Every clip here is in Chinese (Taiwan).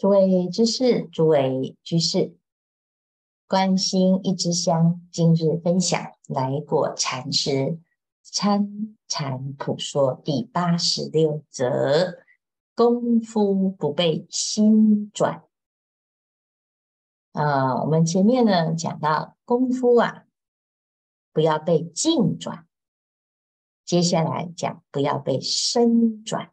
諸位執事、諸位居士，觀心一支香，今日分享來果禪師《參禪普說》第八十六則：功夫不被心轉。呃，我們前面呢講到功夫啊，不要被靜轉，接下來講不要被身轉。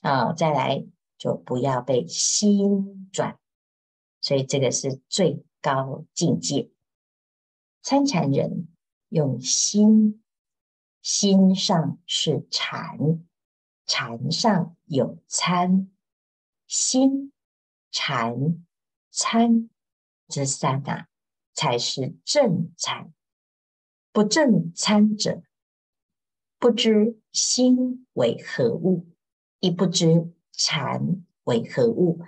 啊、呃，再來。就不要被心轉，所以這個是最高境界。參禪人用心，心上是禪，禪上有參，心禪參這三啊，才是正參。不正參者，不知心為何物，亦不知。禪為何物？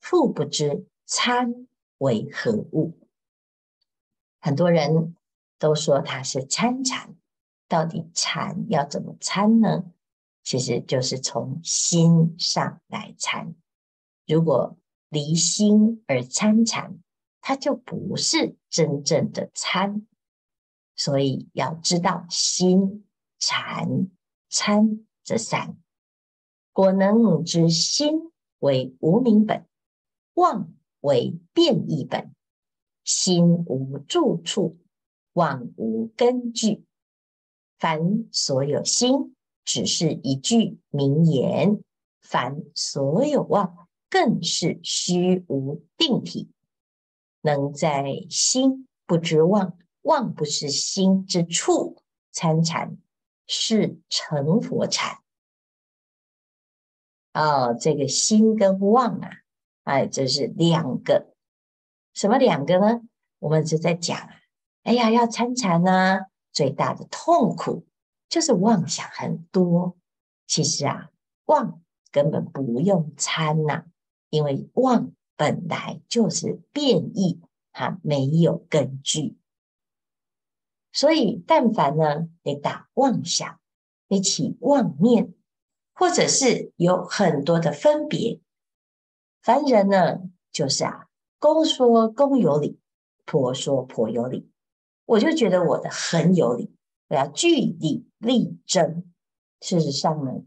復不知參為何物？很多人都說它是參禪，禪，到底禪要怎麼參呢？其實就是從心上來參。如果離心而參禪，禪，它就不是真正的參。所以要知道心禪參這三。果能知心為無明本，妄為變異本。心無住處，妄無根據。凡所有心，只是一句明言；凡所有妄，更是虛無定體。能在心不知妄，妄不是心之處，參禪，是成佛禪。哦，這個心跟妄啊，哎，這是兩個，什麼兩個呢？我們就在講啊，哎呀，要參禪啊，最大的痛苦就是妄想很多。其實啊，妄根本不用參吶，啊，因為妄本來就是變異，它沒有根據。所以，但凡呢，你打妄想，你起妄念。或者是有很多的分別，凡人呢，就是啊，公說公有理，婆說婆有理，我就覺得我的很有理，我要據理力爭。事實上呢，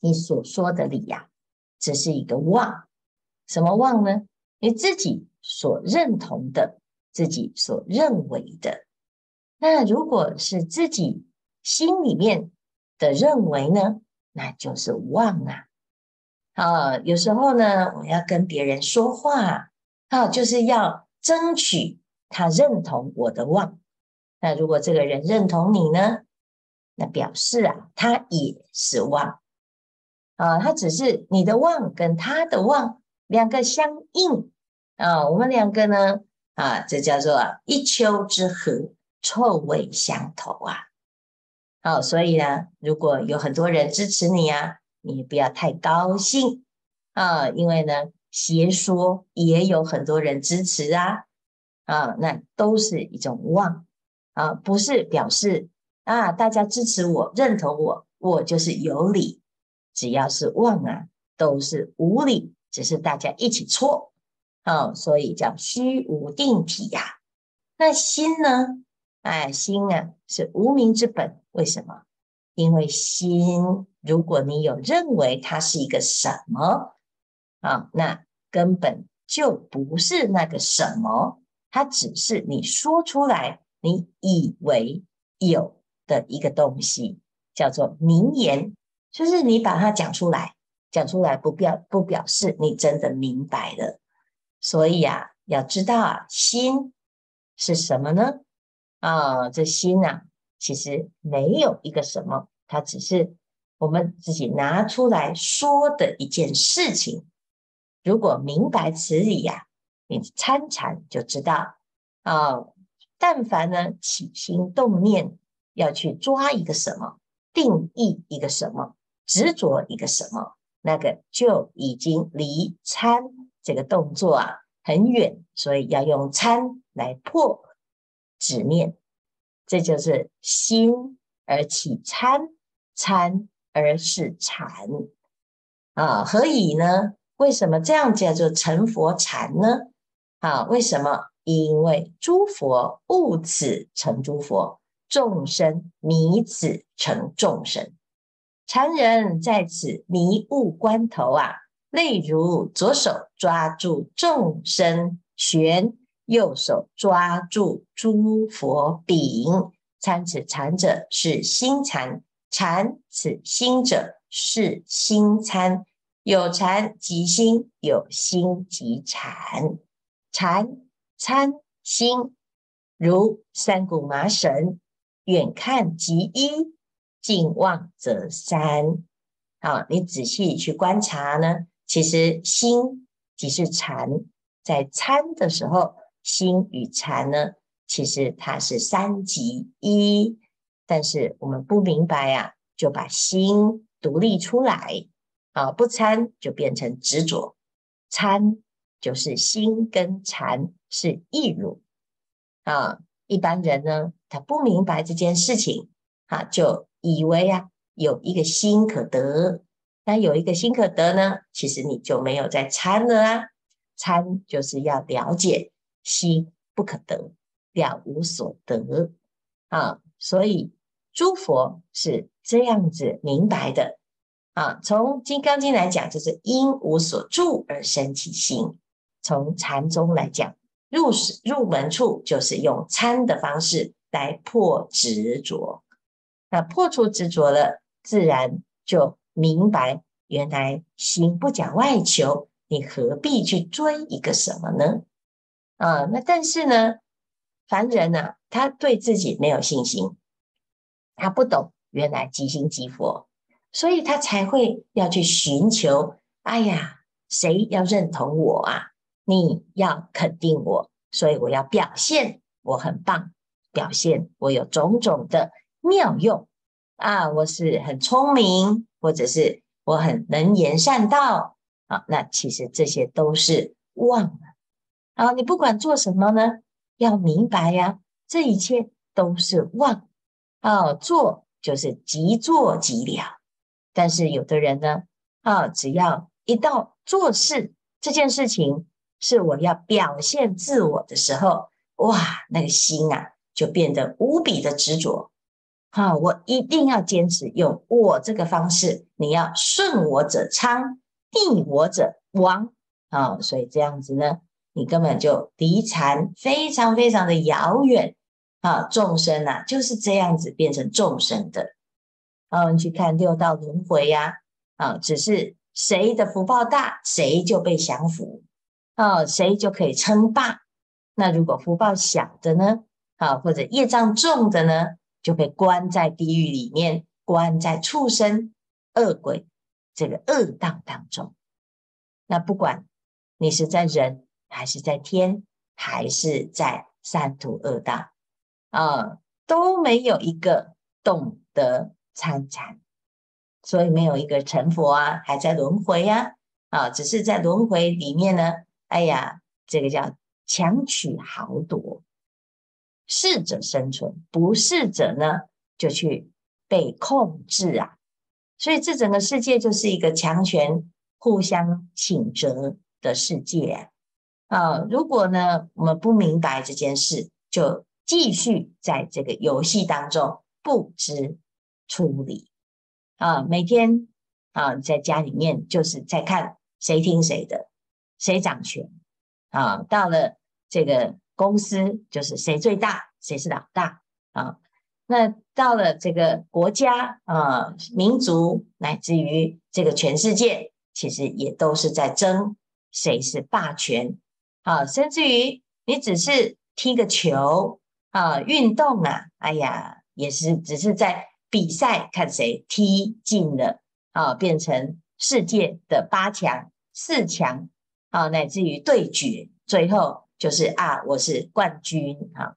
你所說的理呀、啊，只是一個妄，什麼妄呢？你自己所認同的，自己所認為的。那如果是自己心裡面的認為呢？那就是妄啊，啊，有時候呢，我要跟別人說話啊，就是要爭取他認同我的妄。那如果這個人認同你呢，那表示啊，他也是妄啊，他只是你的妄跟他的妄兩個相應啊，我們兩個呢啊，這叫做、啊、一丘之貉，臭味相投啊。哦，所以呢，如果有很多人支持你啊，你也不要太高興啊，因為呢，邪說也有很多人支持啊，啊，那都是一種妄啊，不是表示啊，大家支持我、認同我，我就是有理；只要是妄啊，都是無理，只是大家一起錯。哦、啊，所以叫虛無定體呀、啊。那心呢？哎，心啊是無明之本，為什麼？因為心，如果你有認為它是一個什麼啊，那根本就不是那個什麼，它只是你說出來，你以為有的一個東西，叫做名言，就是你把它講出來，講出來不表不表示你真的明白了。所以啊，要知道啊，心是什麼呢？啊、哦，這心啊，其實沒有一個什麼，它只是我們自己拿出來說的一件事情。如果明白此理呀、啊，你參禪就知道啊、哦。但凡呢起心動念要去抓一個什麼、定義一個什麼、執着一個什麼，那個就已經離參這個動作啊很遠，所以要用參來破。止念，這就是心而起參，參而是禪啊、哦。何以呢？為什麼這樣叫做成佛禪呢？啊、哦，為什麼？因為諸佛悟此成諸佛，眾生迷此成眾生。禪人在此迷悟關頭啊，例如左手抓住眾生權。右手抓住諸佛柄，參此禪者是心禪，禪此心者是心參。有禪即心，有心即禪，禪參心如三股麻繩，遠看即一，近望則三。好、哦，你仔細去觀察呢，其實心即是禪，在參的時候。心與禪呢，其實它是三即一，但是我們不明白呀、啊，就把心獨立出來啊，不參就變成執着，參就是心跟禪是一如啊。一般人呢，他不明白這件事情啊，就以為啊有一個心可得，那有一個心可得呢，其實你就沒有在參了啊，參就是要了解。心不可得，了無所得啊！所以諸佛是這樣子明白的啊。從《金剛經》來講，就是應無所住而生其心；從禪宗來講，入入門處就是用參的方式來破執着。那破除執着了，自然就明白，原來心不假外求，你何必去追一個什麼呢？啊、嗯，那但是呢，凡人呢、啊，他對自己沒有信心，他不懂原來即心即佛，所以他才會要去尋求。哎呀，誰要認同我啊？你要肯定我，所以我要表現我很棒，表現我有種種的妙用啊！我是很聰明，或者是我很能言善道。啊，那其實這些都是妄。啊，你不管做什麼呢，要明白呀，啊，這一切都是妄，啊，做就是即做即了。但是有的人呢，啊，只要一到做事這件事情，是我要表現自我的時候，哇，那個心啊，就變得無比的執着。啊，我一定要堅持用我這個方式。你要順我者昌，逆我者亡。啊，所以這樣子呢。你根本就離禪非常非常的遙遠啊！眾生啊，就是這樣子變成眾生的。哦，我們去看六道輪迴呀，啊，啊，只是誰的福報大，誰就被降服，哦，啊，誰就可以稱霸。那如果福報小的呢，啊，或者業障重的呢，就被關在地獄裡面，關在畜生、惡鬼這個惡道當中。那不管你是在人。還是在天，還是在三途惡道，啊、呃，都沒有一個懂得參禪，所以沒有一個成佛啊，還在輪回呀、啊，啊、呃，只是在輪回裡面呢，哎呀，這個叫強取豪奪，適者生存，不適者呢就去被控制啊，所以這整個世界就是一個強權互相譴責的世界、啊。啊、呃，如果呢，我們不明白這件事，就繼續在這個遊戲當中不知處理。啊、呃，每天啊、呃，在家裡面就是在看誰聽誰的，誰掌權。啊、呃，到了這個公司，就是誰最大，誰是老大。啊、呃，那到了這個國家啊、呃，民族乃至於這個全世界，其實也都是在爭誰是霸權。啊，甚至於你只是踢個球啊，運動啊，哎呀，也是只是在比賽，看誰踢進了啊，變成世界的八強、四強啊，乃至於對決，最後就是啊，我是冠軍啊。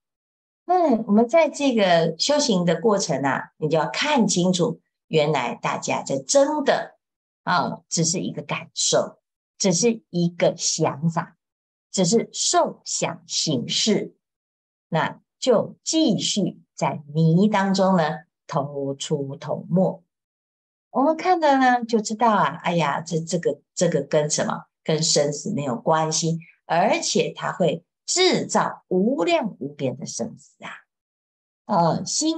那、嗯、我們在這個修行的過程啊，你就要看清楚，原來大家在爭的啊，只是一個感受，只是一個想法。只是受想行識，那就繼續在泥當中呢，頭出頭沒。我們看到呢，就知道啊，哎呀，這這個這個跟什麼跟生死沒有關係，而且它會制造無量無邊的生死啊。呃，心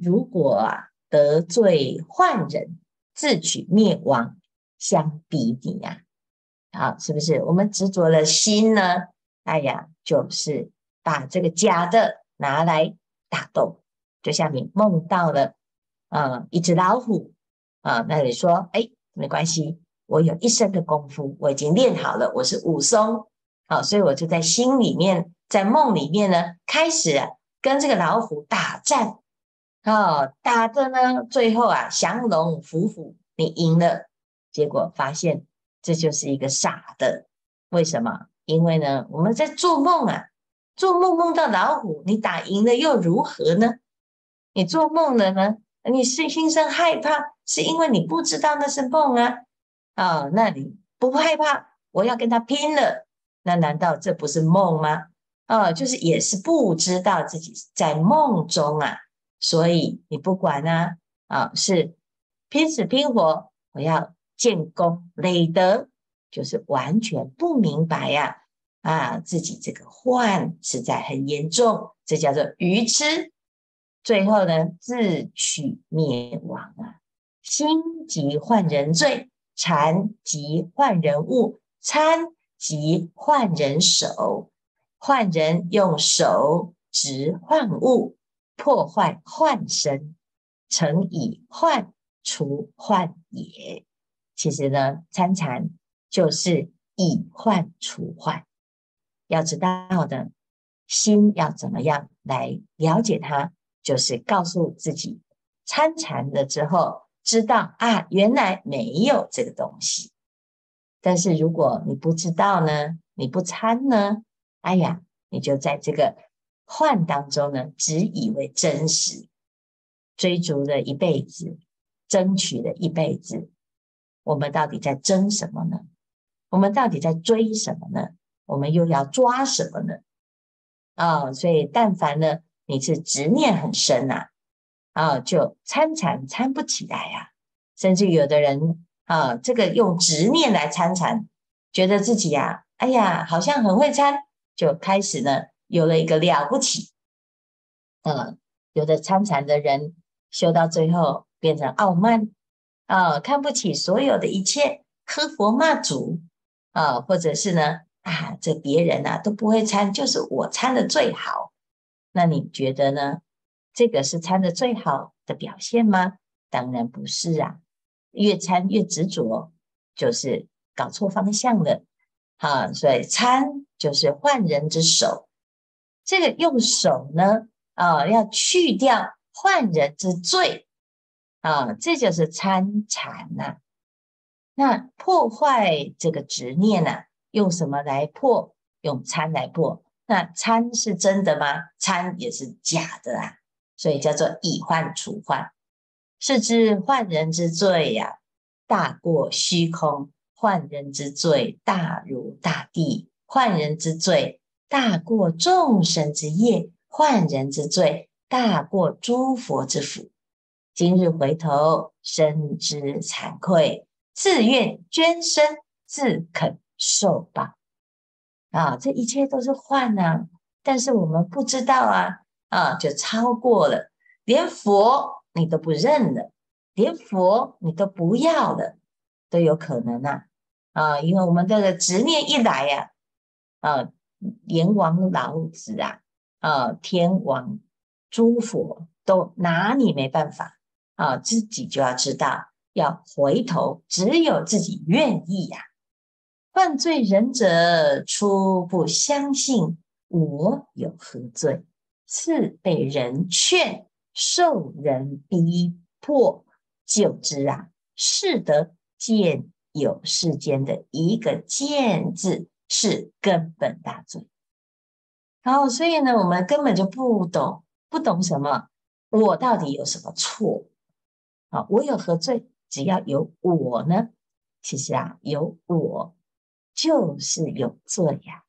如果啊得罪幻人，自取滅亡，相比擬啊。好，是不是我們執着了心呢？哎呀，就是把這個假的拿來打鬥。就像你夢到了，呃一隻老虎啊、呃，那你說，哎，沒關係，我有一身的功夫，我已經練好了，我是武松，好、哦，所以我就在心裡面，在夢裡面呢，開始、啊、跟這個老虎打仗，哦，打的呢，最後啊，降龍伏虎，虎，你贏了，結果發現。這就是一個傻的，為什麼？因為呢，我們在做夢啊，做夢夢到老虎，你打贏了又如何呢？你做夢了呢？你是心生害怕，是因為你不知道那是夢啊。哦，那你不害怕？我要跟他拼了，那難道這不是夢嗎？哦，就是也是不知道自己在夢中啊，所以你不管啊，啊，哦，是拼死拼活，我要。建功累德，就是完全不明白呀、啊！啊，自己這個幻實在很嚴重，這叫做愚痴。最後呢，自取滅亡啊！心即幻人罪，禪即幻人物，參即幻人手，幻人用手執幻物，破壞幻身，誠以幻除幻也。其實呢，參禪就是以幻除幻，要知道的，心要怎麼樣來了解它，就是告訴自己，參禪了之後，知道啊，原來沒有這個東西。但是如果你不知道呢，你不參呢，哎呀，你就在這個幻當中呢，只以為真實，追逐了一輩子，爭取了一輩子。我們到底在爭什麼呢？我們到底在追什麼呢？我們又要抓什麼呢？啊、哦，所以但凡呢，你是執念很深啊，啊、哦，就參禪參不起來呀、啊。甚至有的人啊、哦，這個用執念來參禪，覺得自己啊，哎呀，好像很會參，就開始呢有了一個了不起。嗯，有的參禪的人修到最後變成傲慢。啊，看不起所有的一切，呵佛罵祖啊，或者是呢，啊，這別人吶、啊、都不會參，就是我參的最好。那你覺得呢？這個是參的最好的表現嗎？當然不是啊，越參越執着，就是搞錯方向了。啊，所以參就是幻人之手，這個用手呢，啊，要去掉幻人之罪。啊、哦，這就是參禪吶、啊。那破壞這個執念呢、啊？用什麼來破？用參來破。那參是真的嗎？參也是假的啊。所以叫做以幻除幻，是知幻人之罪呀、啊，大過虛空；幻人之罪大如大地；幻人之罪大過眾生之業；幻人之罪大過諸佛之福。今日回頭，深知慚愧，自願捐身，自肯受報。啊，這一切都是幻啊！但是我們不知道啊，啊，就超過了，連佛你都不認了，連佛你都不要了，都有可能啊！啊，因為我們這個執念一來呀、啊，啊，閻王、老子啊，啊，天王、諸佛都拿你沒辦法。啊、哦，自己就要知道要回頭，只有自己願意呀、啊。犯罪人者，初不相信我有何罪？次被人勸，受人逼迫，久之啊，識得見有世間的一個見字，是根本大罪。然後，所以呢，我們根本就不懂，不懂什麼，我到底有什麼錯？啊，我有何罪？只要有我呢？其實啊，有我就是有罪呀，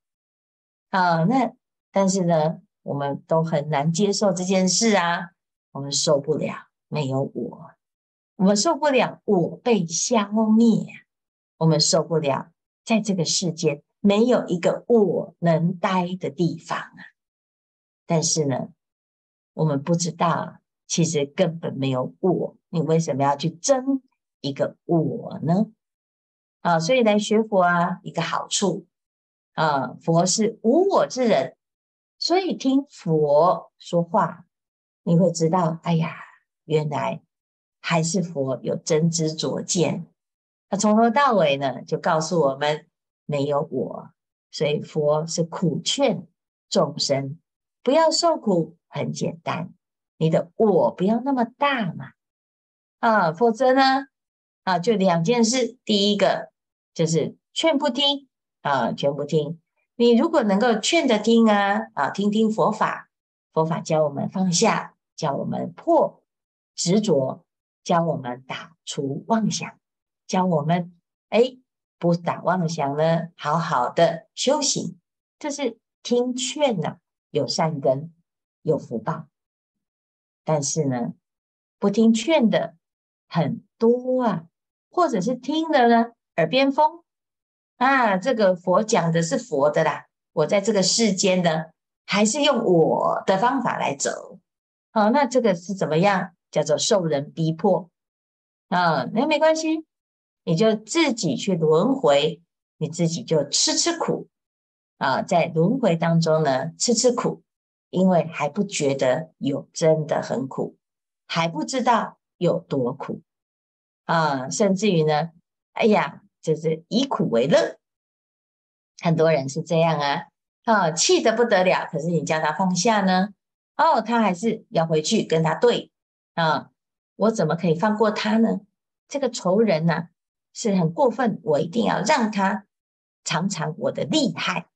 啊。啊，那但是呢，我們都很難接受這件事啊，我們受不了沒有我，我們受不了我被消滅，我們受不了在這個世間沒有一個我能待的地方啊。但是呢，我們不知道。其實根本沒有我，你為什麼要去爭一個我呢？啊，所以來學佛啊，一個好處啊，佛是無我之人，所以聽佛說話，你會知道，哎呀，原來還是佛有真知灼見。那、啊、從頭到尾呢，就告訴我們沒有我，所以佛是苦勸眾生不要受苦，很簡單。你的我不要那麼大嘛，啊，否則呢，啊，就兩件事。第一個就是勸不聽，啊，勸不聽。你如果能夠勸得聽啊，啊，聽聽佛法，佛法教我們放下，教我們破執着，教我們打除妄想，教我們哎不打妄想呢，好好的修行，這是聽勸了啊，有善根，有福報。但是呢，不聽勸的很多啊，或者是聽的呢，耳邊風啊，這個佛講的是佛的啦，我在這個世間呢，還是用我的方法來走，好、啊，那這個是怎麼樣？叫做受人逼迫，啊，那沒關係，你就自己去輪迴，你自己就吃吃苦啊，在輪迴當中呢，吃吃苦。因為還不覺得有真的很苦，還不知道有多苦啊、哦，甚至於呢，哎呀，就是以苦為樂，很多人是這樣啊，啊、哦，氣得不得了，可是你叫他放下呢，哦，他還是要回去跟他對啊、哦，我怎麼可以放過他呢？這個仇人吶、啊，是很過分，我一定要讓他嚐嚐我的厲害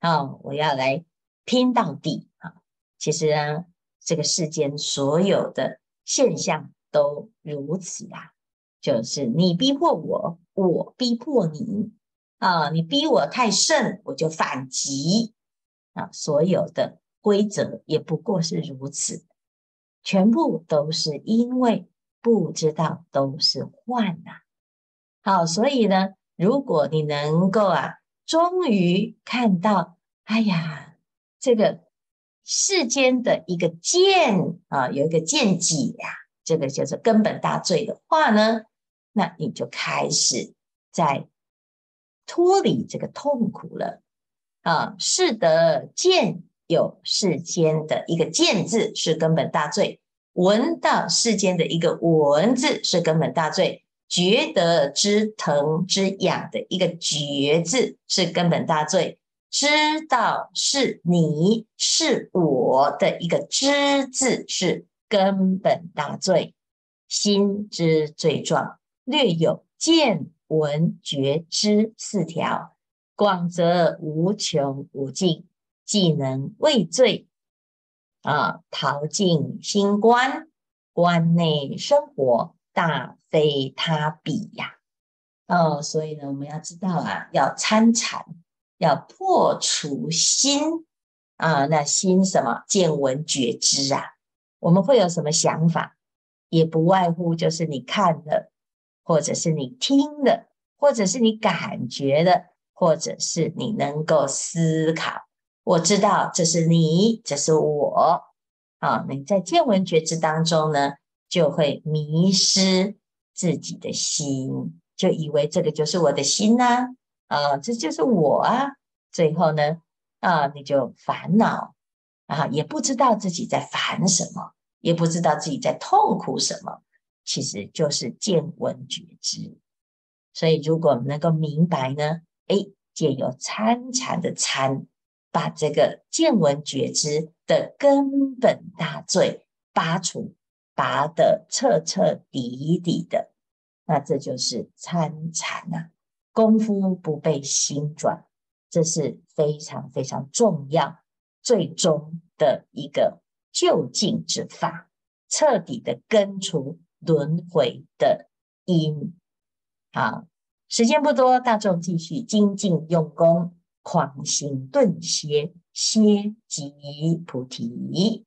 啊、哦，我要來。拼到底啊！其實呢，這個世間所有的現象都如此啊，就是你逼迫我，我逼迫你啊，你逼我太甚，我就反擊啊。所有的規則也不過是如此，全部都是因為不知道都是幻吶、啊。好，所以呢，如果你能夠啊，終於看到，哎呀！這個世間的一個見啊，有一個見解呀，這個就是根本大罪的話呢，那你就開始在脫離這個痛苦了啊。識得見有世間的一個見字，是根本大罪，聞到世間的一個聞字，是根本大罪，覺得知疼知癢的一個覺字，是根本大罪。知道是你是我的一個知字，是根本大罪。心之罪狀，略有見聞覺知四條，廣則無窮無盡。既能畏罪啊，逃進心關，關內生活大非他比呀，啊。哦，所以呢，我們要知道啊，要參禪。要破除心啊，那心什麼？見聞覺知啊，我們會有什麼想法？也不外乎就是你看了，或者是你聽了，或者是你感覺的，或者是你能夠思考。我知道這是你，這是我啊。你在見聞覺知當中呢，就會迷失自己的心，就以為這個就是我的心呢啊。啊，這就是我啊！最後呢，啊，你就煩惱啊，也不知道自己在煩什麼，也不知道自己在痛苦什麼，其實就是見聞覺知。所以，如果我們能夠明白呢，誒，借由參禪的參，把這個見聞覺知的根本大罪拔除，拔得徹徹底底的，那這就是參禪啊。功夫不被心轉，這是非常非常重要、最終的一個究竟之法，徹底的根除輪回的因。好，時間不多，大眾繼續精進用功，狂心頓歇，歇即菩提。